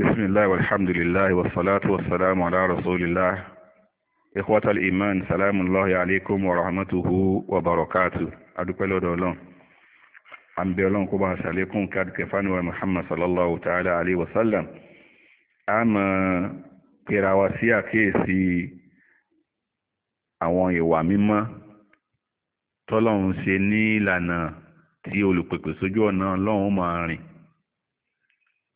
bismillah walhamdulillah wassalatu wassalamu ala rasulillah ikhwatal iman salamullahi alaikum wa rahmatuhu wa barakatuh adúpẹ́ lọ́dọ̀ Ọlọ́run an bẹ Ọlọ́run kó bá ṣàlékún kádùkẹ́ fanuwa muhammad sallallahu ta'ala alaihi wasallam a mọ̀ pèrà wa sí àkíyèsí àwọn ìwà mímọ́ tọ́lọ́run ṣe ní ìlànà tí olùpèpè sójú ọ̀nà Ọlọ́run máa rìn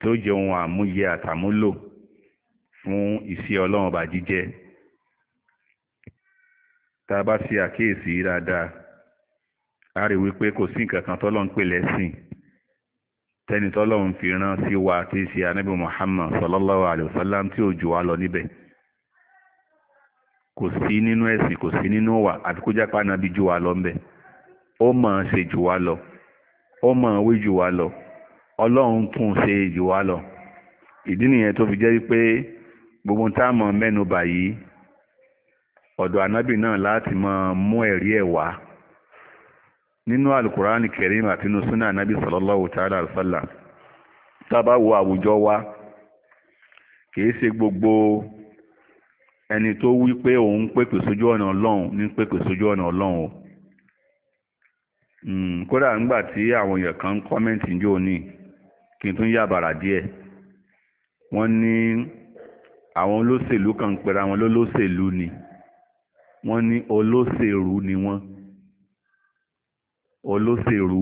tí ó jẹ́ ohun àmúyẹ àtàmúlò fún iṣẹ́ ọlọ́run ọba jíjẹ́ tá a bá ṣe àkíyèsí dáadáa a rí wípé kò sí nǹkan kan tọ́lọ́run pè lẹ́sìn tẹ́ni tọ́lọ́run fi rán sí wa tí í ṣe anábì Muhammad sallallahu alayhi sallam tí ò jù wá lọ níbẹ̀ kò sí nínú ẹ̀sìn kò sí nínú wà àti kó jápa náà bí jù wá lọ ń bẹ̀ ó mọ̀ ṣe jù wá lọ ó mọ̀ wí jù wá lọ ọlọ́run tún ṣe jù wá lọ ìdí nìyẹn tó fi jẹ́ wípé gbogbo táàmù mẹ́nubà yìí ọ̀dọ̀ ànábì náà láti máa mú ẹ̀rí ẹ̀ wá nínú alukurani kẹrim àti inú súnà ànábì sallallahu ta'ala àlùsọ́là tábà wo àwùjọ wa kìí ṣe gbogbo ẹni tó wí pé òun pèpè sójú ọ̀nà ọlọ́run ní pèpè sójú ọ̀nà ọlọ́run o hmm, kódà nígbà tí àwọn èèyàn kan ń kọ́mẹ́ǹtì ń jó ní kí n tún yà bàrà díẹ̀ wọ́n ní àwọn olóṣèlú kan ń pera wọn lólóṣèlú ni wọ́n ní olóṣèlú ni wọ́n olóṣèlú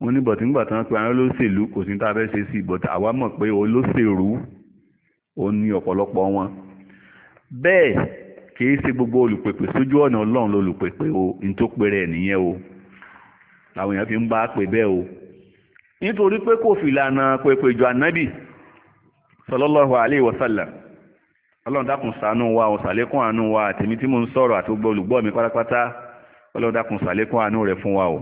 wọ́n ní bọ̀tí nígbà tí wọ́n pe àwọn olóṣèlú kò sí tá a fẹ́ ṣe sí bọ̀tí àwa mọ̀ pé olóṣèlú ó ní ọ̀pọ̀lọpọ̀ wọn bẹ́ẹ̀ kìí ṣe gbogbo olùpèpè sójú ọ̀nà ọlọ́run lolùpèpè o ní tó pèrè ẹ̀ nìyẹn o làwọn èèyàn fi ń bá pè bẹ́ẹ̀ o nítorí pé kò fìlànà pèpèjọ ànábì sallallahu alaihi wasallam ọlọ́run dákun ṣàánú wa ọ̀sàlékún àánú wa àtèmi tí mo ń sọ̀rọ̀ àti olùgbọ́ mi pátápátá ọlọ́run dákun àánú rẹ̀ fún wa o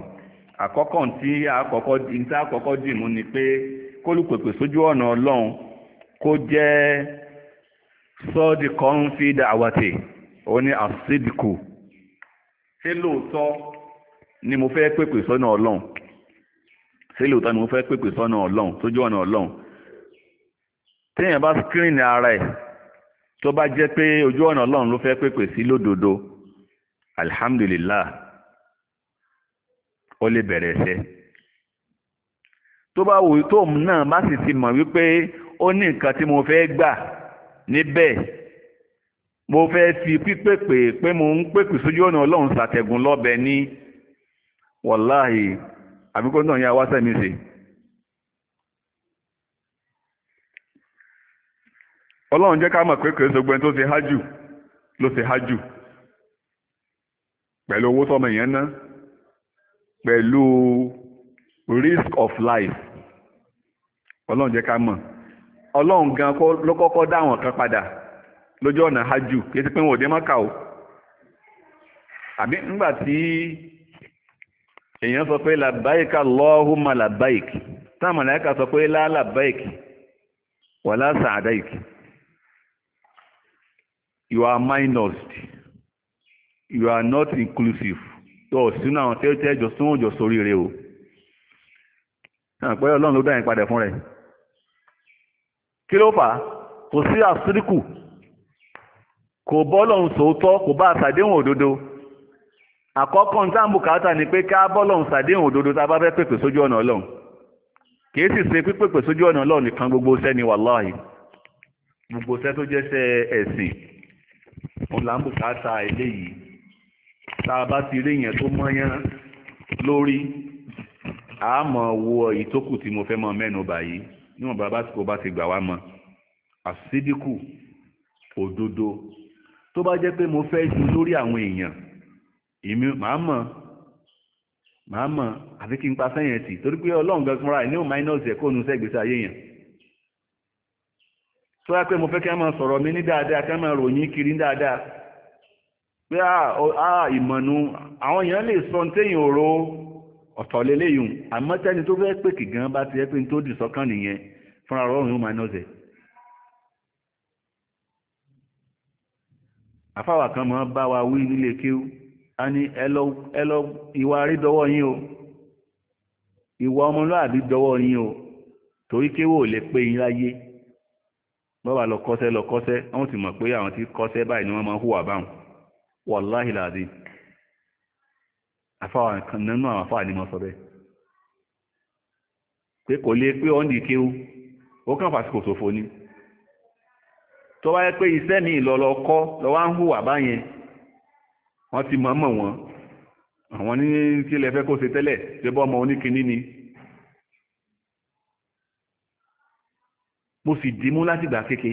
àkọ́kọ́ tí àkọ́kọ́ ní tí àkọ́kọ́ dì mú ni pé kólùpèpè sójú ọ̀nà ọlọ́run kó jẹ́ sọ́ọ̀dì kan fi da'wati òun ni àṣídìkù ṣé lóòótọ́ ni mo fẹ́ sọ́nà ṣé lóòótọ́ ni mo fẹ́ pèpè sọ́nà ọlọ́run sójú ọ̀nà ọlọ́run téèyàn bá skírìnì ara ẹ̀ tó bá jẹ́ pé ojú ọ̀nà ọlọ́run ló fẹ́ pèpè sí lódodo alhamdulillah ó lè bẹ̀rẹ̀ ẹsẹ̀ tó bá wò tó náà bá sì ti mọ̀ wípé ó ní nǹkan tí mo fẹ́ gbà níbẹ̀ mo fẹ́ fi pípèpè pé mo ń pèpè sójú ọ̀nà ọlọ́run ṣàtẹ̀gùn lọ́bẹ̀ ní wàláhì àbíkó náà yá wáṣẹ́ mi ṣe ọlọ́run jẹ́ ká mọ̀ pé kìí sọgbẹ́ni tó ṣe hájù ló ṣe hájù pẹ̀lú owó tọmọ èèyàn ná pẹ̀lú risk of life ọlọ́run jẹ́ ká mọ̀ ọlọ́run gan ló kọ́kọ́ dá àwọn kan padà lójú ọ̀nà hájù kìí ṣe pé wọn ò dé mọ́kà o àbí nígbà tí èèyàn sọ pé làbáìkì Allahumma làbáìkì táwọn màláíkà sọ pé lá làbáìkì wala sa'adaik you are minused you are not inclusive tó sínú àwọn tẹ́ tẹ́ jọ sún o náà ọlọ́run ló dá yẹn fún rẹ kí ló fà kò sí àsíríkù kò bọ́ àkọ́kọ́ ní táàmù bùkátà ni pé ká bọ́lọ̀hún sàdéhùn òdodo tá a bá fẹ́ pèpè sójú ọ̀nà ọlọ́run kì í sì ṣe pípèpè sójú ọ̀nà ọlọ́run nìkan gbogbo iṣẹ́ ni wàláhì gbogbo iṣẹ́ tó jẹ́ṣẹ́ ẹ̀sìn òun là ń bùkátà eléyìí tá a bá ti rí yẹn tó mọ́yán lórí àmọ́ wo èyí tí mo fẹ́ mọ mẹ́nu báyìí níwọ̀n bàbá tí kò bá ti gbà wá mọ́ àsídíkù òdodo tó bá jẹ́ pé mo fẹ́ ju lórí àwọn èèyàn èmi màá mọ̀ màá mọ̀ àfi kí n pa sẹ́yìn tì torí pé ọlọ́run gan fúnra ẹ̀ ní òun máínọ́ọ̀sì ẹ̀kọ́ òun sẹ́gbèsè ayé yẹn tó yá pé mo fẹ́ kí wọ́n máa sọ̀rọ̀ mi ní dáadáa kí wọ́n máa ròyìn kiri ní dáadáa pé a ìmọ̀nu àwọn èèyàn lè sọ téèyàn òro ọ̀tọ̀ lélẹ́yìn àmọ́ tẹ́ni tó fẹ́ pè kì gan bá ti ẹ́ pé n tó dì sọ́kàn nìyẹn fúnra ọlọ́run yóò máínọ́ọ̀sì àfáwà kan máa bá wa wí nílé kéwú a ní ẹlọ ìwà rí dọwọ́ yín o ìwà ọmọlúàbí dọwọ́ yín o torí kéwò lè pé yín láyé bọ́bà lọ kọ́sẹ́ lọ kọ́sẹ́ wọ́n ti mọ̀ pé àwọn tí kọ́sẹ́ báyìí ni wọ́n máa hùwà báwọn wàláhì làdí àfáwà kan nínú àwọn àfáà ni mo sọ bẹ́ẹ̀ wọ́n ti mọ̀ mọ̀ wọ́n àwọn ní kí lẹ fẹ́ kó ṣe tẹ́lẹ̀ ṣe bọ́ ọmọ oníkíní ni mo sì dìímú láti gbà kéke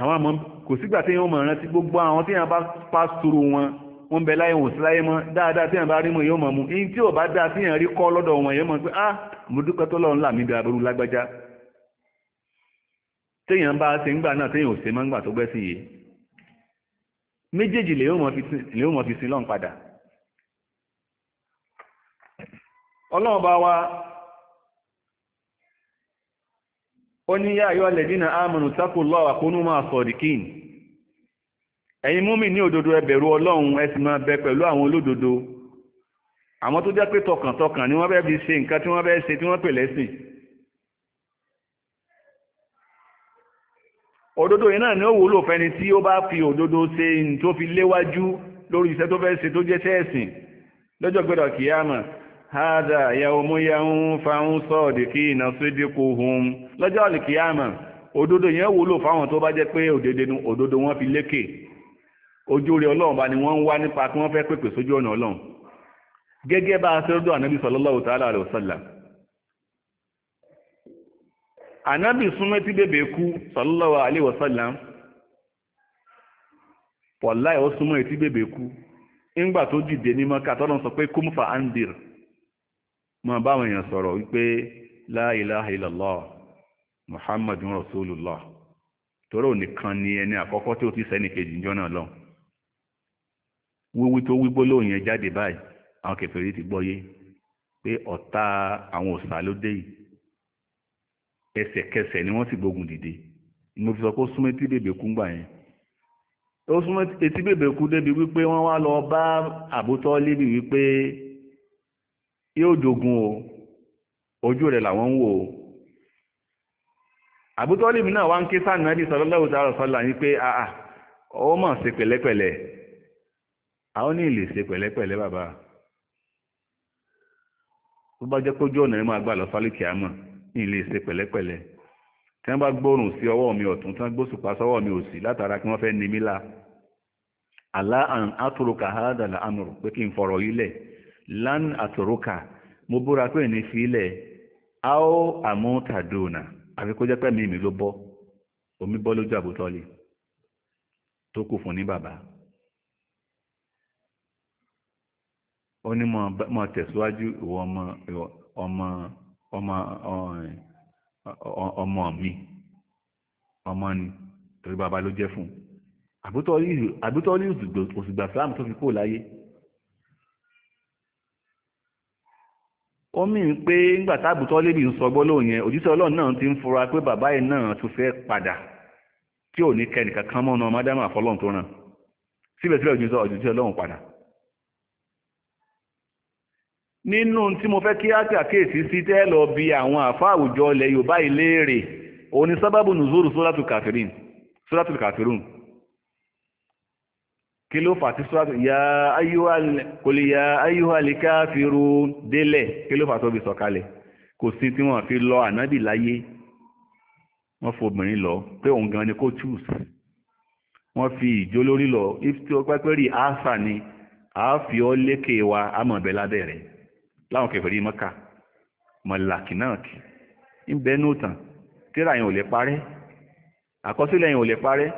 àwọn àmọ́ kò sígbà tí wọ́n mọ̀ rántí gbogbo àwọn tí wọ́n bá pàṣírò wọn wọ́n bẹ láyé wọn sí láyé mọ́ dáadáa tí wọ́n bá rí mọ̀ yóò mọ̀ mú in tí ò bá dáa tí wọ́n rí kọ́ lọ́dọ̀ wọn yóò mọ̀ pé ah mo dúpẹ́ tó lọ́run là mí bí aburú lágbájá téèyàn bá ṣe ń gbà náà téèyàn ò ṣe máa ń gbà tó gbẹ́ sí yìí méjèèjì lè ó mọ̀ fi sin lọ́n padà ọlọ́run bá wa ó ní yá ayọ́ alẹ́dínà ámùnù tákù lọ́ àkónú máa sọ̀dìkín ẹ̀yin múmi ní òdodo ẹ ọlọ́run ẹ sì máa bẹ pẹ̀lú àwọn olódodo àwọn tó jẹ́ pé tọkàntọkàn ni wọ́n bẹ́ẹ̀ fi ṣe nǹkan tí wọ́n bẹ́ẹ̀ ṣe tí wọ́n pè lẹ́sìn òdodo yìí náà ni ó wúlò fẹ́ni tí ó bá fi òdodo ṣe ní tó fi léwájú lórí iṣẹ́ tó fẹ́ ṣe tó jẹ́ sẹ́ẹ̀sìn lọ́jọ́ gbẹ́dọ̀ kìyàmà hádà yàwómú yàwó fáwọn sọ́ọ̀dì kí iná sídì kò hùn lọ́jọ́ àlìkìyàmà òdodo yẹn wúlò fáwọn tó bá jẹ́ pé òdodo wọn fi lékè ojú rẹ̀ ọlọ́run bá ni wọ́n ń wá nípa kí wọ́n fẹ́ pèpè sójú ọ̀nà ọlọ́run gẹ́gẹ́ bá a ṣe rọ́dọ̀ ànábì sallallahu ta'ala alaihi wasallam ànábì súnmọ́ tí bèbè kú sallallahu alaihi wasallam wàláì ó súnmọ́ tí bèbè kú ńgbà tó dìde ní mọ́ká tọ́lọ́ sọ pé kum fa andir mọ́ báwọn èèyàn sọ̀rọ̀ wípé la ilaha illallah muhammadun rasulullah torí ò nìkan ni ẹni àkọ́kọ́ tí ó ti sẹ́ni kejì níjọ́ náà lọ wíwí tó wí gbólóhùn yẹn jáde báyìí àwọn kèfèrí ti gbọ́yé pé ọ̀tá àwọn òsà ló dé ẹsẹ̀kẹsẹ̀ ni wọ́n sì gbógun dìde mo fi sọ pé ó súnmọ́ etí bèbè kú gbà yẹn ó súnmọ́ etí bèbè kú débi wípé wọ́n wá lọ bá àbótọ́ lébi wípé yóò jogun o ojú rẹ̀ làwọn ń wò o àbótọ́ lébi náà wá ń ké sànàbí sallallahu ta'ala sọ́lá ní pé àà ó mọ̀ ṣe pẹ̀lẹ́pẹ̀lẹ́ àwọn ní ìlè ṣe pẹ̀lẹ́pẹ̀lẹ́ bàbá tó bá jẹ́ kójú ọ̀nà ẹ̀ máa gbà lọ sálíkì àmọ́ ilé ṣe pẹ̀lẹ́pẹ̀lẹ́ tí wọ́n bá gbóòrùn sí ọwọ́ mi ọ̀tún tí wọ́n sọ́wọ́ mi látara kí wọ́n fẹ́ mí la àlá àn àtòrókà àádàlà àmọ̀rò pé kí n fọ̀rọ̀ ilẹ̀ lán àtòrókà mo búra pé ní fi ilẹ̀ a ó àfi kó jẹ́ mi mi ló omi bọ́ lójú tó kù fún ní bàbá ó ní mo tẹ̀síwájú ìwọ ọmọ mi ọmọ ni torí bàbá ló jẹ́ fún àbútọ́ ní òsìgbà Islam tó fi kó láyé ó mì ń pé ńgbà tábùtọ́ lébì ń sọgbọ́ lóò yẹn òjíṣẹ́ ọlọ́run náà ti ń fura pé bàbá yìí náà tún fẹ́ padà tí ò ní kẹ́nìkan kan mọ́nà mádàmà fọlọ́run tó ràn síbẹ̀síbẹ̀ òjíṣẹ́ ọlọ́run padà nínú tí mo fẹ́ kí á kàkéèsí sí tẹ́ lọ bí àwọn àfa àwùjọ ilẹ̀ yorùbá ìléèrè òun ni sábàbù nùzúrù sóràtù kàfírìn sóràtù kàfírùn kí ló fà tí sóràtù ya ayúwa kò lè ya ayúwa lè káfíru délẹ̀ kí ló fà tó fi sọ̀kalẹ̀ kò sí tí wọ́n fi lọ ànábì láyé wọ́n fi obìnrin lọ pé òun gan ni kó choose wọ́n fi ìjó lórí lọ if tí ó pẹ́pẹ́ rí àṣà ni àá fi ọ́ lékè wa àmọ̀bẹ́ lábẹ́rẹ́ láwọn kèfèrí mọ́kà mọ̀làkì náà kì ń bẹ ní òtàn tíra yẹn ò lè parẹ́ àkọsílẹ̀ yẹn ò lè parẹ́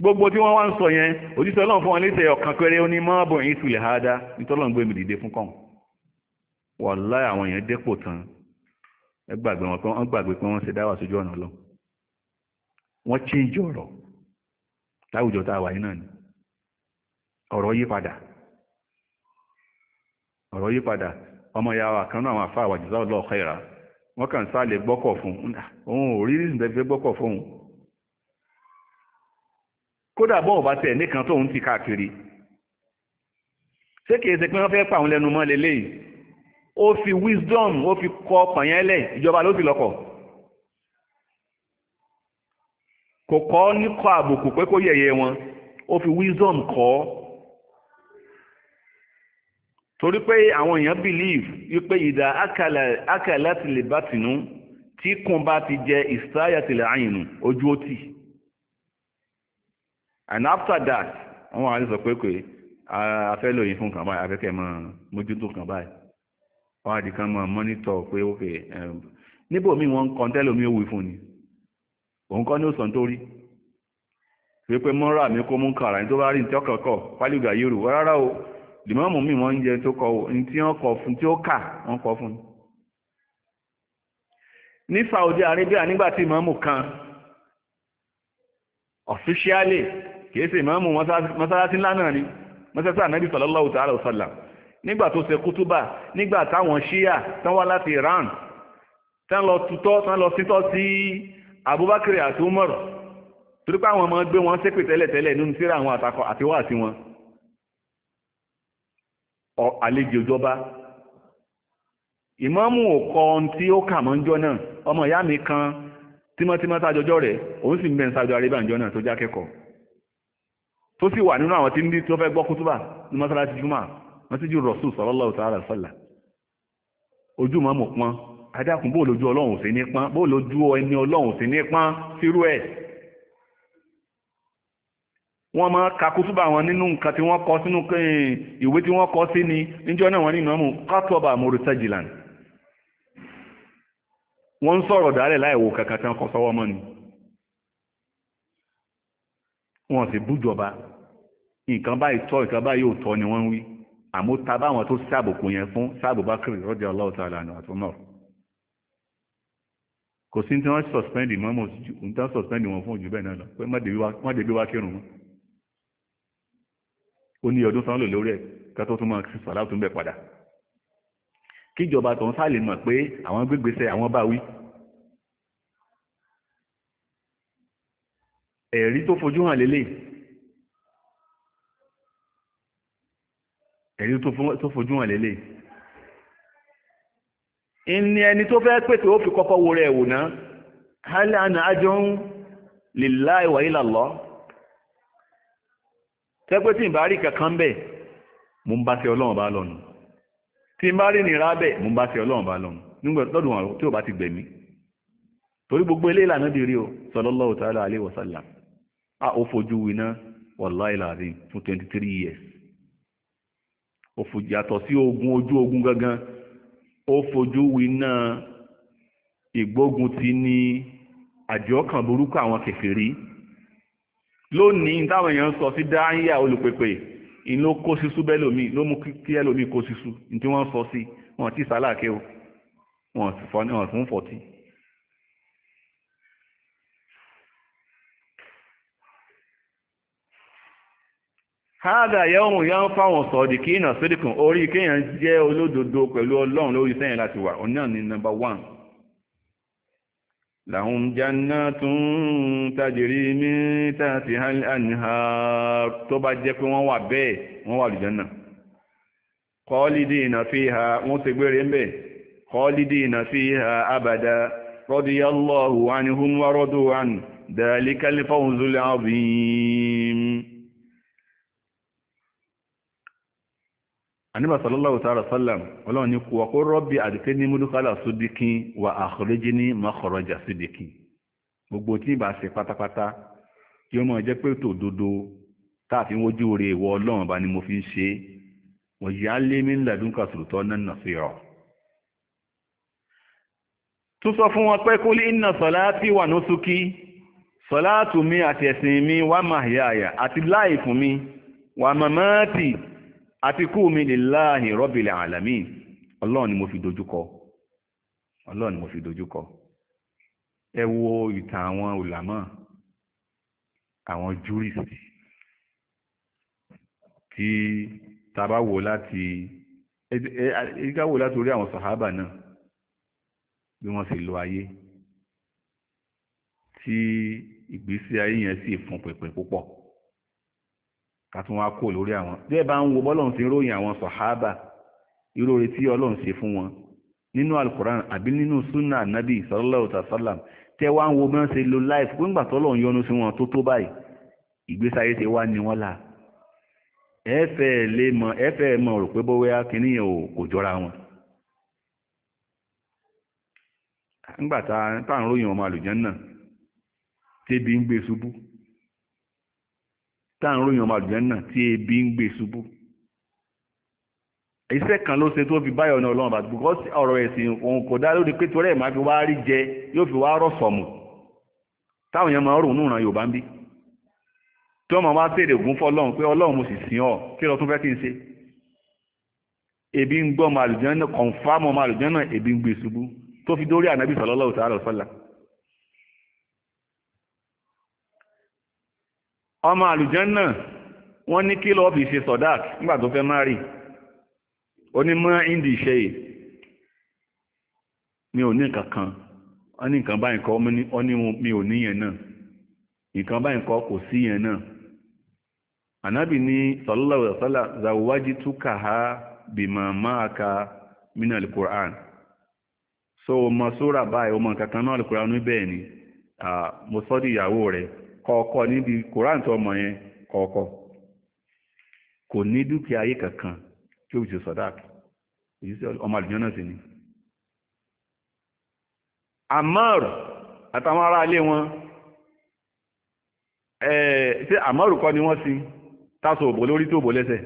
gbogbo tí wọ́n wá ń sọ yẹn òjíṣẹ́ ọlọ́run fún wọn léṣe ọ̀kan péré ó ní mọ́ọ̀bù yìí ha dá gbé mi fún kàn àwọn dépò tán ẹ gbàgbé wọn pé wọ́n gbàgbé pé lọ wọ́n láwùjọ tá a ni ọ̀rọ̀ yí padà ọ̀rọ̀ yí padà ọmọ ya wa kan náà àwọn àfa àwàjù sáwọn lọ́ọ̀ kẹ́ra wọ́n kàn sá lè gbọ́kọ̀ fún òun ò rí reason tẹ́fẹ́ gbọ́kọ̀ fún òun kódà bọ́ọ̀ bá tẹ̀ nìkan tóun ti káàkiri ṣé kìí ṣe pé wọ́n fẹ́ pa àwọn lẹ́nu mọ́ leléyìí ó fi wisdom ó fi kọ pààyàn lẹ̀ ìjọba ló fi lọ́kọ̀ kò kọ́ ní kọ àbùkù pé kó yẹ̀yẹ́ wọn ó fi wisdom kọ́ ọ́ torí pé àwọn èèyàn believe wípé ìdá akàlátìlẹ̀ bá tìnú tí kùn bá ti jẹ ìsáyàtìlẹ̀ àyìnù ojú ó tì and after that àwọn àti sọ pé pé afẹ́ lòyìn fún kàn báyìí afẹ́kẹ́ mọ́ mójútó kàn báyìí wọ́n àti kan mọ́ mọ́nítọ̀ pé ókè um, níbo mi wọ́n ń kọ́ tẹ́lẹ̀ omi òwe fún ni òun kọ́ ní òsàn tó rí pé pé mọ́ra mi kó mú kàrà ní tó bá rí ní tọ́kọ̀ọ̀kọ̀ pálígà yìí rò rárá o lìmọ́ọ̀mù mi wọ́n ń jẹ tó kọ ní tí wọ́n kọ fún tí ó kà wọ́n kọ fún ní Saudi Arabia nígbà tí ìmọ́ọ̀mù kan ọ̀fíṣíálì kìí ṣe ìmọ́ọ̀mù mọ́sálásí ńlá náà ni mọ́sálásí ànábì sallallahu ta'ala wa sallam nígbà tó ṣe kútúbà nígbà táwọn ṣíyà tán wá láti Iran tán lọ tutọ́ tán lọ sítọ́ sí Abubakar àti Umar torípé àwọn ọmọ gbé wọn ṣépè tẹ́lẹ̀tẹ́lẹ̀ nínú síra àwọn àtakọ àtiwá àti wọn àlejò ìjọba ìmáàmù ọkọ ohun tí ó kà mọ́ ń jọ náà ọmọ ìyá mi kan tímọ́tímọ́ sájọjọ́ rẹ̀ òun sì ń bẹ́ẹ̀ sájọ arábíà ìjọ náà tó já kẹ́kọ̀ọ́ tó sì wà nínú àwọn tí ń tó fẹ́ gbọ́ kútúbà ní mọ́sálásí júmọ́ mọ́síjú sọ́là ojú mọ́mù pọ́n adákùn ọlọ́run sí ní pọ́n ẹni wọ́n máa ka kútúbà wọn nínú nǹkan tí wọ́n kọ sínú ìwé tí wọ́n kọ sí ni níjọ́ náà wọ́n ní ìmọ̀ọ́mù kátọ́bà mọ̀rọ̀tẹ́jìlán wọ́n ń sọ̀rọ̀ dálẹ̀ láìwò kankan tí wọ́n kọ sọ́wọ́ mọ́ ni wọ́n sì bújọba nǹkan báyìí tọ́ nǹkan báyìí ò tọ́ ni wọ́n ń wí àmọ́ ta báwọn tó sábòkù yẹn fún sábòbákiri rọ́jà ọlọ́ọ̀tàlá àtúnmọ̀ kò sí ó ní ọdún tán lò lórí ẹ̀ kátó tún máa sí sàlá tó ń bẹ̀ padà kíjọba tó ń sáàlè mọ̀ pé àwọn gbégbèsè àwọn bá wí ẹ̀rí tó fojú hàn lélẹ̀ ẹ̀rí tó fojú hàn lélẹ̀ ìní ẹni tó fẹ́ pètè ó fi kọ́kọ́ wo rẹ̀ wò náà hálà àná ajọ́ ń lè láìwà ìlàlọ́ tẹ́pẹ́ tí n bá rí kankan bẹ́ẹ̀ mo ń bá ṣe ọlọ́run bá lọ́nu tí n bá rí nira bẹ́ẹ̀ mo ń bá ṣe ọlọ́run bá lọ́nu nígbà lọ́dún àwọn tí ò bá ti gbẹ̀mí torí gbogbo ilé ìlànà di rí o sallallahu ta'ala alaihi wasallam a ó fojú winá wallahi lazim fún 23 three years ó fojú yàtọ̀ sí ogun ojú ogun gangan ó fojú winá ìgbógun ti ní àjọ kan burúkú àwọn kèfèrí lónìí táwọn èèyàn sọ sí dáhíyà olùpèpè ìn ló kó sísú bẹ́lòmíì ló mú kí ẹlòmíì kó sísú ní tí wọ́n sọ sí wọn tí sálàkẹ́ o wọn sì fọ́ ní wọn fún fọ́tí. hádà yẹ́wọ̀n yá ń fáwọn sọ̀dì kí ìnà sídìkùn orí kéèyàn jẹ́ olódodo pẹ̀lú ọlọ́run lórí sẹ́yìn láti wà òun náà nọmba one لهم جنات تجري من تحتها الأنهار tó bá jẹ́ pé wọ́n wà bẹ́ẹ̀ wọ́n wà lùjánà khalidina fiha wọ́n ṣe gbére ń bẹ̀ khalidina fiha abada radiyallahu anhum wa radu an dhalikal fawzul azim aníbà sallallahu ta'ala sallam ọlọ́run ní kú ọkọ̀ rọ́bì àdìkẹ́ ní múdúkálà sídìkín wà àkọrẹ́jì ní mọ́kọ̀rọ́jà sídìkín gbogbo tí ìbá ṣe pátápátá kí ó mọ̀ jẹ́ pé tò dodo táàfin wojú rẹ̀ ìwọ ọlọ́run bá ni mo fi ń ṣe wọ́n yá lé mi ńlẹ̀dúnkà sùrùtọ́ náà sí ọ̀ tó sọ fún wọn pé kúlí inna salati wa nusuki salatu mi àti ẹ̀sìn mi wà máa yáàyà àti láì fún mi wà màmáàtì àti kú mi lillahi rabbil alamin ọlọ́run ni mo fi dojúkọ ọlọ́run ni mo fi dojúkọ ẹ wo ìtàn àwọn ulama àwọn júrìsì tí tàbá wò láti ìgbàwò láti orí àwọn sàhábà náà bí wọ́n sì lo ayé tí ìgbésí ayé yẹn sì fún pẹ̀pẹ̀ púpọ̀ kàtún wá kó lórí àwọn bí ẹ bá ń wo bọ́lọ́n fi ròyìn àwọn sọ̀hábà ìròrí tí ọlọ́run ṣe fún wọn nínú alukoran àbí nínú sunna anabi sallallahu alaihi sallam. tẹ wá ń wo bí wọ́n ṣe lo life pé ńgbà tọ́lọ́run yọ́nú sí wọn tó tó báyìí ìgbésí ayé ṣe wá ní wọ́n là ẹ fẹ́ lè mọ̀ ẹ fẹ́ mọ̀ rò pé bọ́wẹ́ kínní yẹn ò kò jọra wọn. ńgbà tá à ń ròyìn ọmọ àlùjànnà tẹ́bi ń gbé ṣubú táà ń ròyìn ọmọ àlùjẹ́ náà tí ebi ń gbé ṣubú iṣẹ́ kan ló ṣe tó fi báyọ̀ ní ọlọ́run bàtí bùkọ́sì ọ̀rọ̀ ẹ̀sìn òun kò dá lórí pé torí ẹ̀ máa fi wá rí jẹ yóò fi wá rọ̀ sọ̀mù táwọn yẹn máa rò ní ìran yorùbá ń bí tí wọ́n máa wá tèrè ògún fọlọ́run pé ọlọ́run mo sì sìn ọ́ kí lọ tún fẹ́ kí n ṣe ebi ń gbọ́ ọmọ àlùjẹ́ náà kọ̀ǹfàmù ọmọ àlùjẹ́ náà ebi ń gbé ṣubú tó fi dórí ànábì sallallahu ọmọ àlùjànnà wọ́n ní kí lọ́ọ̀bì ṣe sọ̀dák nígbà tó fẹ́ márì onímọ̀ indi ṣe mi ò ní nǹkan kan wọ́n ní nǹkan báyìí kọ́ ní mi ò ní yẹn náà nǹkan báyìí kọ́ kò sí yẹn náà ànábì ní sallallahu alaihi wasallam zawajitukaha bima ma'aka minal Qur'an so mo sóra báyìí ọmọ nǹkan kan náà al bẹ́ẹ̀ ni mo sọ́ di ìyàwó rẹ̀ kọ̀ọ̀kọ̀ níbi koran tó ọmọ yẹn kọ̀ọ̀kọ̀ kò ní dúkìá ayé kankan tí ó fi ṣe sọ̀dáàkì èyí sí ọmọ àlùjọ náà sì ni Amar àtàwọn ará ilé wọn ṣé Amar kọ́ ni wọ́n sin táṣọ òbò lórí tó òbò lẹ́sẹ̀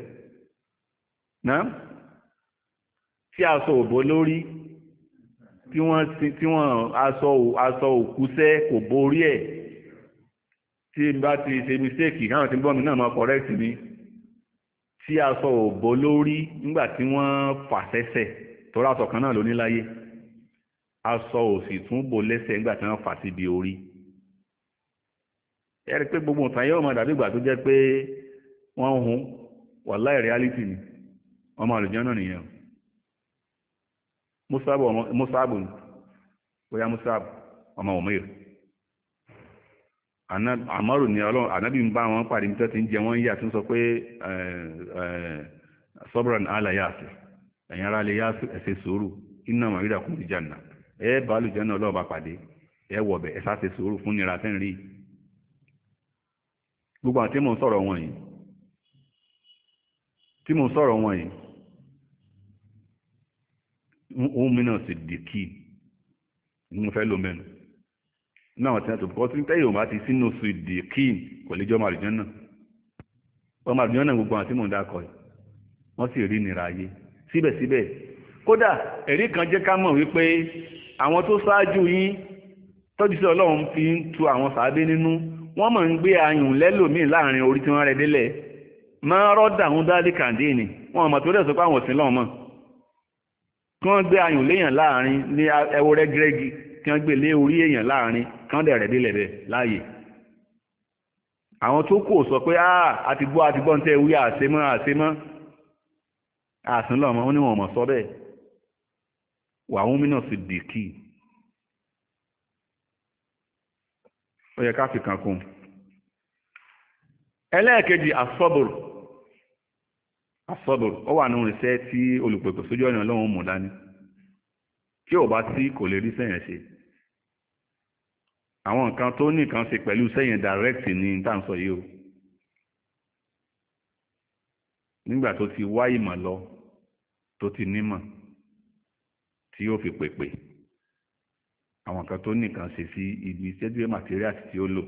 náà tí aṣọ òbò lórí tí wọ́n aṣọ òkúṣẹ́ kò borí ẹ̀ tí èmi bá ti ṣe mistake káwọn tí ń bọ́ mi náà mọ́ correct mi tí aṣọ òbò lórí nígbà tí wọ́n fàṣẹsẹ̀ torí aṣọ kan náà ló ní láyé aṣọ òsì tún bò lẹ́sẹ̀ nígbà tí wọ́n fà síbi orí ẹ rí i pé gbogbo nǹkan yóò máa dàbí ìgbà tó jẹ́ pé wọ́n hun wàláì reality ni ọmọ àlùjọ náà nìyẹn musabu ọmọ musabu bóyá musabu ọmọ òmìnira àmọ́rò ni ọlọ́run ànábì ń bá wọn pàdé tó ti ń jẹ wọ́n yà tó ń sọ pé sobran ala yaasi ẹ̀yin ara lè yaasi ẹ̀sẹ̀ sùúrù iná màrídà kún ìjànà ẹ bá lùjánà ọlọ́ọ̀bá pàdé ẹ wọ̀bẹ̀ ẹ sáṣe sùúrù fún nira tẹ́ ń rí gbogbo àti mò ń sọ̀rọ̀ wọn yìí tí mò ń sọ̀rọ̀ wọn yìí ń sì náà tí wọ́n tó bọ́ sí tẹ́yìn òun bá ti sínú sùdì kíìn kò lè jọ ọmọ àlùjọ náà ọmọ àlùjọ náà gbogbo àwọn tí mò ń dákọ̀ yìí wọ́n sì rí nira ayé síbẹ̀síbẹ̀ kódà ẹ̀rí kan jẹ́ ká mọ̀ wípé àwọn tó ṣáájú yín tọ́jú sí ọlọ́run fi ń tu àwọn sàábé nínú wọ́n mọ̀ ń gbé ayùn lẹ́lòmíì láàrin orí tí wọ́n rẹ̀ délẹ̀ máa rọ́dà ń dálé kàndéènì wọn mọ̀ tó dẹ̀ sọ pé àwọn òsín lọ́mọ kí wọ́n gbé ayùn léèyàn láàrin ní ẹwọ rẹ́gírẹ́gì kí wọ́n gbé lé orí èèyàn láàrin kí wọ́n dẹ̀rẹ̀ délẹ̀ láàyè àwọn tó kù sọ pé ah àti gbọ́ àti gbọ́ níta ewúyà àsemọ́ àsemọ́ àsìnlọ́mọ́ ó ní wọn mọ̀ sọ bẹ́ẹ̀ wà wọ́n mìíràn sì dì kí ó yẹ ká fi kàn kún ẹlẹ́ẹ̀kejì asọ́bùrù asọ́bùrù ó wà nínú iṣẹ́ tí olùpẹ̀pẹ̀ sójú ọ̀nà ọlọ́run mú dání tí ò bá sí kò lè rí sẹ́yìn ṣe àwọn nǹkan tó ní nǹkan ṣe pẹ̀lú sẹ́yìn direct ní tàǹsọ yìí o nígbà tó ti wá ìmọ̀ lọ tó ti nímọ̀ tí yóò fi pèpè àwọn nǹkan tó ní nǹkan ṣe sí ibi iṣẹ́ materials tí ó lò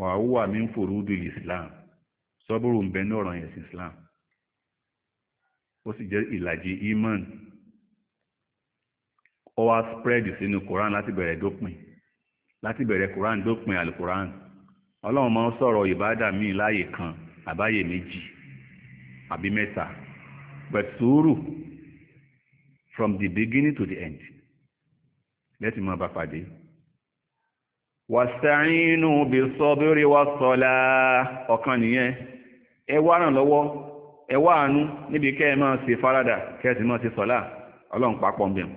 wàá wà mí ń fòrú dùn Islam sọ́bùrù ń bẹ ní ọ̀ràn ẹ̀sìn Islam ó sì jẹ́ ìlàjì iman ó spread sínú Quran láti bẹ̀rẹ̀ dópin láti bẹ̀rẹ̀ Quran dópin alukuran ọlọ́run máa ń sọ̀rọ̀ ìbádà míì láàyè kan àbáyè méjì àbí mẹ́ta but sùúrù from the beginning to the end lẹ́tì máa bá pàdé. wàsàínú bí sọ́bírí wá sọ́lá ọ̀kan nìyẹn ẹ wá ràn lọ́wọ́ ẹ wá àánú níbi kẹ́ ẹ máa ṣe faradà kẹ́ ẹ sì máa ṣe sọ́lá ọlọ́run papọ̀ mbẹ̀m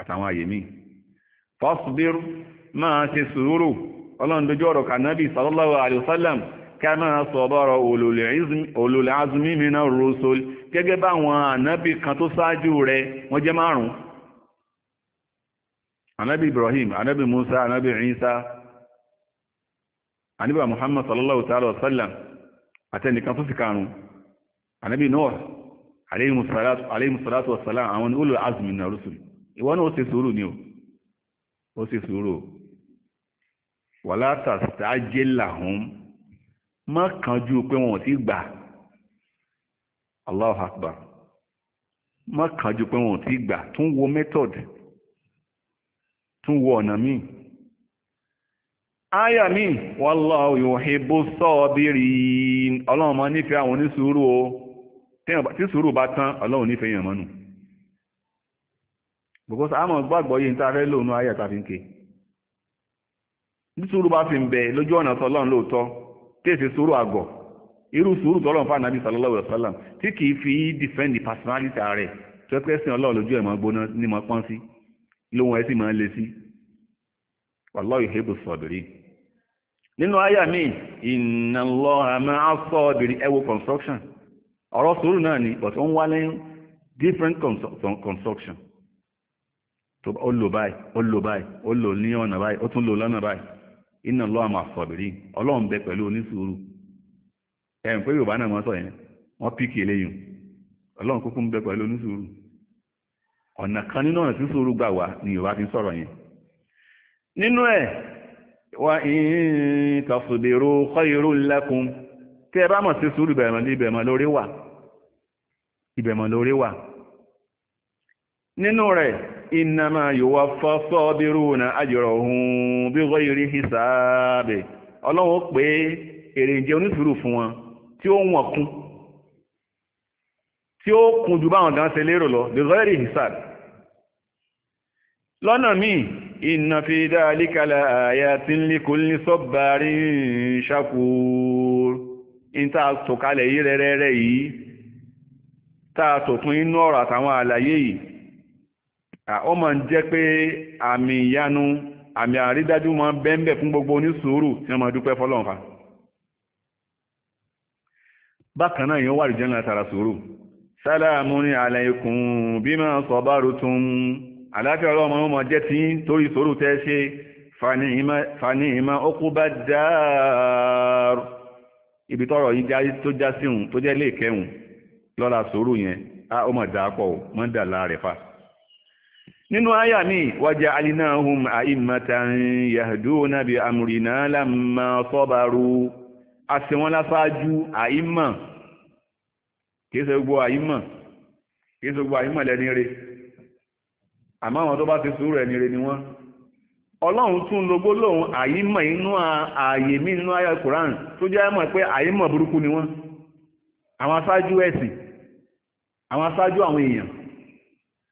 àtàwọn àyè míì fọ́sùbírù máa ṣe sùúrù ọlọ́run dojú ọ̀rọ̀ kànábì sallallahu alayhi wa sallam kama sabara ulul azmi minar rusul gẹ́gẹ́ báwọn ànábì kan tó ṣáájú rẹ̀ wọ́n jẹ́ márùn-ún ànábì Ibrahim ànábì Musa ànábì Isa ànábì Muhammad sallallahu alayhi wa sallam àtẹnìkan tó sì karùn-ún ànábì Nuh alayhi salatu wa salam àwọn ulul azmi ìwọ́n ó ṣe sùúrù ni ó ṣe sùúrù wàlátà sáájé làhùn má pé ti gbà má wọn ti gbà tún wo method tún wo ọ̀nà míì áyà míì wallahu yuhibbu sabirin ọlọ́run máa nífẹ̀ẹ́ àwọn o tí sùúrù bá tán ọlọ́run nífẹ̀ẹ́ mọ́nu because àmọ́ gbàgbọ́ yìí ń ta fẹ́ bí sùúrù bá fi ń bẹ lójú ọ̀nà tọ́lọ́n lóòótọ́ tí èsì sùúrù àgọ̀ irú sùúrù tọ́lọ́n fún ànábì sallallahu alaihi wasallam tí kì í fi defend personality rẹ̀ tó pẹ́ sìn ọlọ́run lójú ẹ̀ mọ́ gbóná ní mọ́ pọ́n sí lóhun ẹ̀ sì máa ń le sí wallahu yuhibbu sabirin nínú àyà mi inna Allaha ma'a sabirin ẹ wo construction ọ̀rọ̀ sùúrù náà ni but ó ń wá lẹ́yìn different construction ó lò báyìí ó lò báyìí ó lò ní ọ̀nà báyìí ó tún lò iná lọ́wọ́ máa sọ̀bìrì ọlọ́run bẹ pẹ̀lú onísùúrù ẹ̀rùn pé yorùbá náà mọ́ sọ yẹn wọ́n píkì eléyìn ọlọ́run kúkú ń bẹ pẹ̀lú onísùúrù ọ̀nà kan nínú ọ̀nà tí sùúrù gbà wá ni yorùbá fi ń sọ̀rọ̀ yẹn nínú ẹ̀ wà ìyìn tàfùdèrò kọ́yìrò lẹ́kùn tí ẹ bá mọ̀ sí sùúrù ìbẹ̀mọ̀ ìbẹ̀mọ̀ lórí wà nínú rẹ̀ innama yuwaffa sabiruna ajrahum bighayri hisab ọlọ́run ó pé èrè ìjẹ onísùúrù fún wọn tí ó wọ̀n kún tí ó kún ju báwọn gan ṣe lérò lọ bighayri hisab lọ́nà míì inna fi dhalika la ayatin likulli sabbarin shakur ìta sọ̀kalẹ̀ yìí rẹ́rẹ́rẹ́ yìí tá a sọ̀kún inú ọ̀rọ̀ àtàwọn àlàyé yìí ó máa ń jẹ́ pé àmì ìyanu àmì àrídájú máa ń bẹ́ńbẹ̀ gbogbo onísùúrù tí wọ́n máa dúpẹ́ fọ́lọ́run bákan náà yóò wà lè jẹ́nà tààrà sùúrù sálámù ní àlẹ́ikùn bí máa sọ bá ọmọ jẹ́ tí torí fani ima ókú bá ibi tọrọ yìí to tó já to tó jẹ́ lè kẹhùn lọ́la sùúrù yẹn á ó mọ̀ dáa pọ̀ mọ́ dà láàrẹ̀ nínú àyà mi wàjà alinahum àìmọ̀tàn yahduna bi amrina lamma sabaru àsìwọ́n lásáájú àìmọ̀ kìí ṣe gbogbo àìmọ̀ kìí ṣe gbogbo àìmọ̀ lẹ́ni rẹ̀ àmọ́ àwọn tó bá ti sùúrù ẹni rẹ̀ ni wọ́n ọlọ́run tún lo gbólóhùn àyímọ̀ inú ààyè mí nínú ayọ̀ Quran tó jẹ́ mọ̀ pé àyímọ̀ burúkú ni wọ́n àwọn aṣáájú ẹ̀sìn àwọn aṣáájú àwọn èèyàn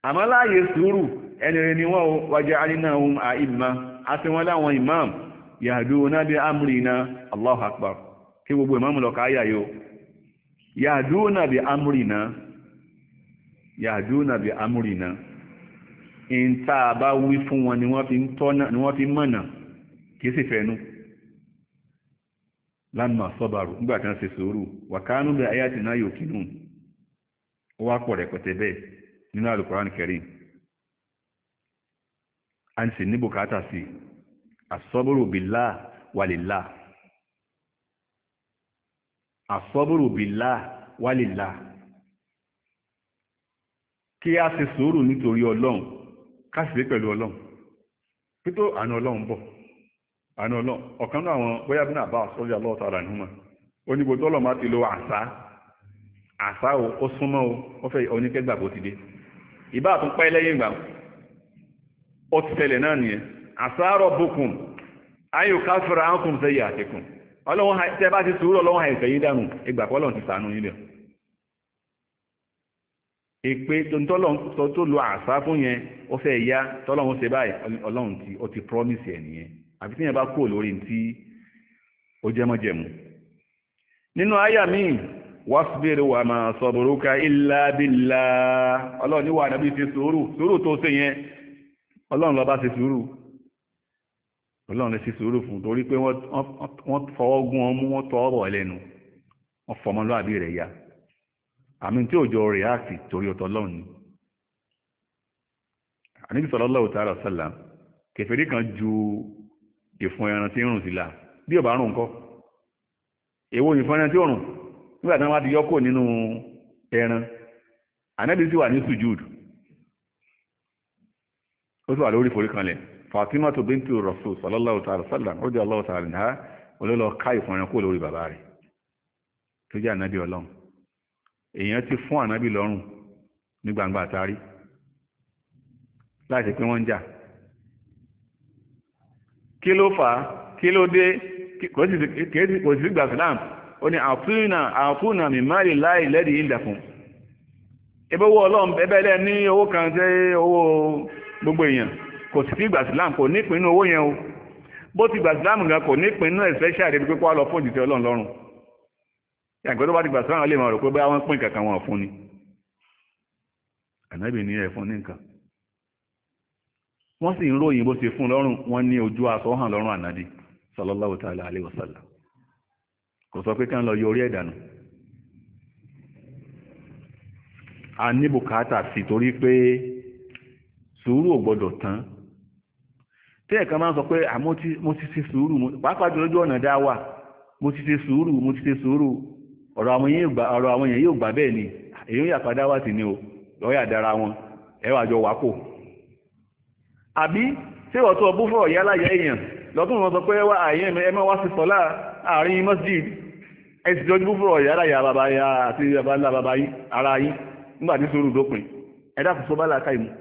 àmọ́ láàyè sùúrù ẹnìrìn ni wọ́n wájẹ́ alínàhùn àìmá a fi wọ́n láwọn imam yahduna bi amrina Allahu akbar kí gbogbo imam lọ káyà yóò yahduna bi amrina yahduna bi in bá wí fún wọn ni wọ́n fi mọ̀nà kìí sì fẹ́nu lánàá sọ́bàrù nígbà tí wọ́n ṣe sùúrù wàkánú pọ̀ bẹ́ẹ̀ nínú a ń sì ní bùkátà sí àsọ́bùrù bìlá wàlìlá àsọ́bùrù kí a ṣe sùúrù nítorí ọlọ́run ká pẹ̀lú ọlọ́run pító àánú ọlọ́run bọ̀ àánú ọlọ́run ọ̀kan náà àwọn bóyá bí náà bá ọ̀sọ́jà lọ́ọ̀tà rà nínú ti lo àṣà àṣà o ó súnmọ́ o ó fẹ́ oníkẹ́gbàgbó ti dé ìbá ó ti tẹ̀lẹ̀ náà anyị àsáàrọ̀ bukun ayò káfíra ánkùn sẹ́ yà àtẹ̀kùn ọlọ́wọ́n tẹ́ bá ti sùúrù ọlọ́wọ́n àìsẹ̀ yìí dànù ìgbà pọ́lọ̀ ti sànú yìí lẹ̀ èpè tó tó ya tọ́lọ́run ṣe báyìí ọlọ́run ti promise nínú ma wà tó yẹn ọlọ́run ló bá ṣe sùúrù ọlọ́run lè ṣe sùúrù fún torí pé wọ́n fọwọ́ gún ọmú wọ́n tọ́ ọ̀rọ̀ ẹlẹ́nu wọ́n fọmọ lọ́àbí rẹ̀ ya àmì tí òjò rẹ̀ á sì torí ọ̀tọ̀ ọlọ́run ni àníbi sallallahu ta'ala sallam kẹfẹ́rí kan ju ìfun ẹran tí ń rùn sí la bí ò bá rùn kọ́ èwo ìfun ẹran tí ò rùn nígbà tí wọ́n bá ti yọ́kò nínú ẹran ànábi sì wà ní sùjúdù ó sì wà lórí forí kanlẹ̀ Fatima tó bintu Rasul sallallahu ta'ala sallam ó di Allahu ta'ala ní ha olólọ ká ìfọ̀nrán kó lórí bàbá rẹ̀ tó jẹ́ ànábì ọlọ́run èèyàn ti fún ànábì lọ́rùn ní gbangba àtàrí láti pé wọ́n ń jà kí ló fà á kí ló dé kò sí gbà Islam ó ní àfúnà àfúnà mi gbogbo èèyàn kò sì fi ìgbà sílámù kò ní ìpinnu owó yẹn o bó ti gbà sílámù gan kò ní ìpinnu ẹ̀sẹ̀ṣẹ̀ àdébí pé kó wá lọ fún òjìṣẹ́ ọlọ́run lọ́rùn yàgbẹ́ tó bá ti gbà sílámù lè máa rò pé bá wọn pín kankan wọn fún ni ànábì ní ẹ̀fún ní nǹkan wọ́n sì ń ròyìn bó ṣe fún lọ́rùn wọn ní ojú aṣọ hàn lọ́rùn ànádì sallallahu ta'ala alaihi wasallam kò sọ pé kán lọ yọ orí ẹ̀dànù a ní bùkátà sí torí pé sùúrù ò gbọ́dọ̀ tán tí ẹ̀ka máa sọ pé mo ti ṣe sùúrù pàápàá jùlọ lójú ọ̀nà dá wà mo ti ṣe sùúrù mo ti ṣe sùúrù ọ̀rọ̀ àwọn èèyàn yóò gbà bẹ́ẹ̀ ni èèyàn yà padà wà sí ni o lọ́yà dára wọn ẹwà jọ wà kò àbí ṣé wọ́n tó fọ̀ èèyàn lọ́tún wọn sọ pé wà àyè ẹmẹ́ wá sí sọ́lá àárín masjid ẹ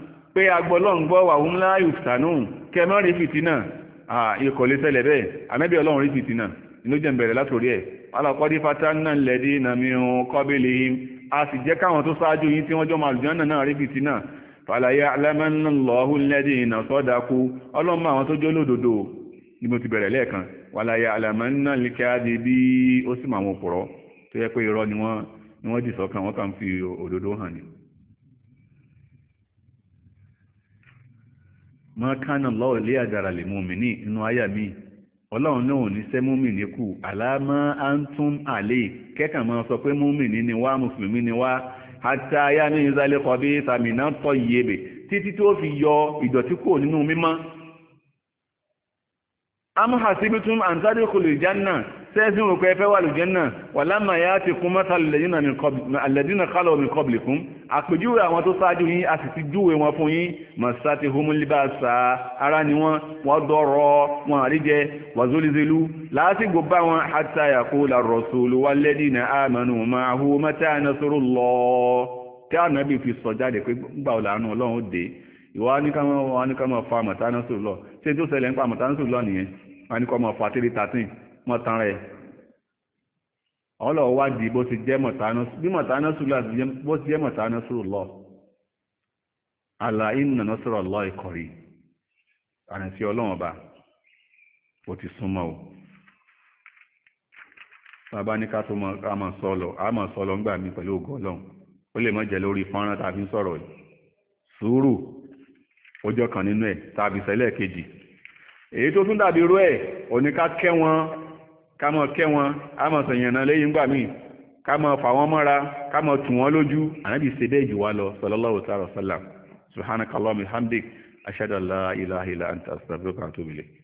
pé agbọ́lọ́ngbọ́ wà ń láàyò tànú kẹmọ́ rí fìtínà ikọ̀ lè ṣẹlẹ̀ bẹ́ẹ̀ ànábì ọlọ́run rí fìtínà inú jẹ́ bẹ̀rẹ̀ látòrí ẹ̀ alákọ́dí fatánà lẹ́dí nàmí ohun kọ́bílì yìí a sì jẹ́ káwọn tó ṣáájú yín tí wọ́n jọ máa náà rí fìtínà fàlàyé lẹ́dí ìnà wọn ma kana Allahu liyadara lil mu'minin inú àyà mi ọlọ́run náà ò ní sẹ́ múmìnì kù àlámọ́ antum àlè kẹ́kàn máa sọ pé múmìnì ni wá mùsùlùmí ni wá àti aya ní ìzálẹ̀ kọ̀bí tàmínà tọ́ ìyebè títí tó fi yọ ìdọ̀tí kò nínú mímọ́. amhasibitum an tadkhulul janna sẹ́sìn òkú ẹfẹ́ wà lùjẹ́ náà wà lámà yá ti kún mọ́ta àlẹ́dínà kálọ̀ mi kọ́bìlì fún àpèjúwe àwọn tó ṣáájú yín a sì ti júwe wọn fún yín màsá ti homo libasa ara ni wọn wọn dọrọ wọn àríjẹ wàzólizelu lásìgbò bá wọn àtà yàkó làrọ̀sọ̀lù wà lẹ́dínà àmànù máa hu mọ́ta nasọ́rọ̀ lọ mọ̀tàn rẹ̀ ọlọ́ wádìí bó ti jẹ́ mọ̀tánásù bí mọ̀tánásù láti bó ti jẹ́ mọ̀tánásù lọ àlà ìnà nọ́sọ̀rọ̀ lọ ìkọ̀rí àrẹ̀sí ọlọ́wọ̀n bá ó ti súnmọ́ o bàbá ní ká tó mọ̀ sọ́lọ̀ àmọ̀ sọ́lọ̀ ń gbà mí pẹ̀lú ògo ọlọ́run ó lè mọ́ jẹ́ lórí fọ́nrán tàbí sọ̀rọ̀ yìí sùúrù ọjọ́ kan nínú ẹ̀ tàbí sẹ́lẹ̀ kejì èyí tó tún dàbí irú ẹ̀ òní ká ká mọ̀ kẹ́ wọn á mọ̀ sọ̀yàn náà lẹ́yìn gbà míì ká mọ̀ fà wọ́n mọ́ra ká mọ̀ tù wọ́n lójú ànábì ṣe bẹ́ẹ̀ jù wá lọ sallallahu ta'ala sallam subhanakallahumma hamdik ashhadu an la ilaha illa anta astaghfiruka wa atubu ilayk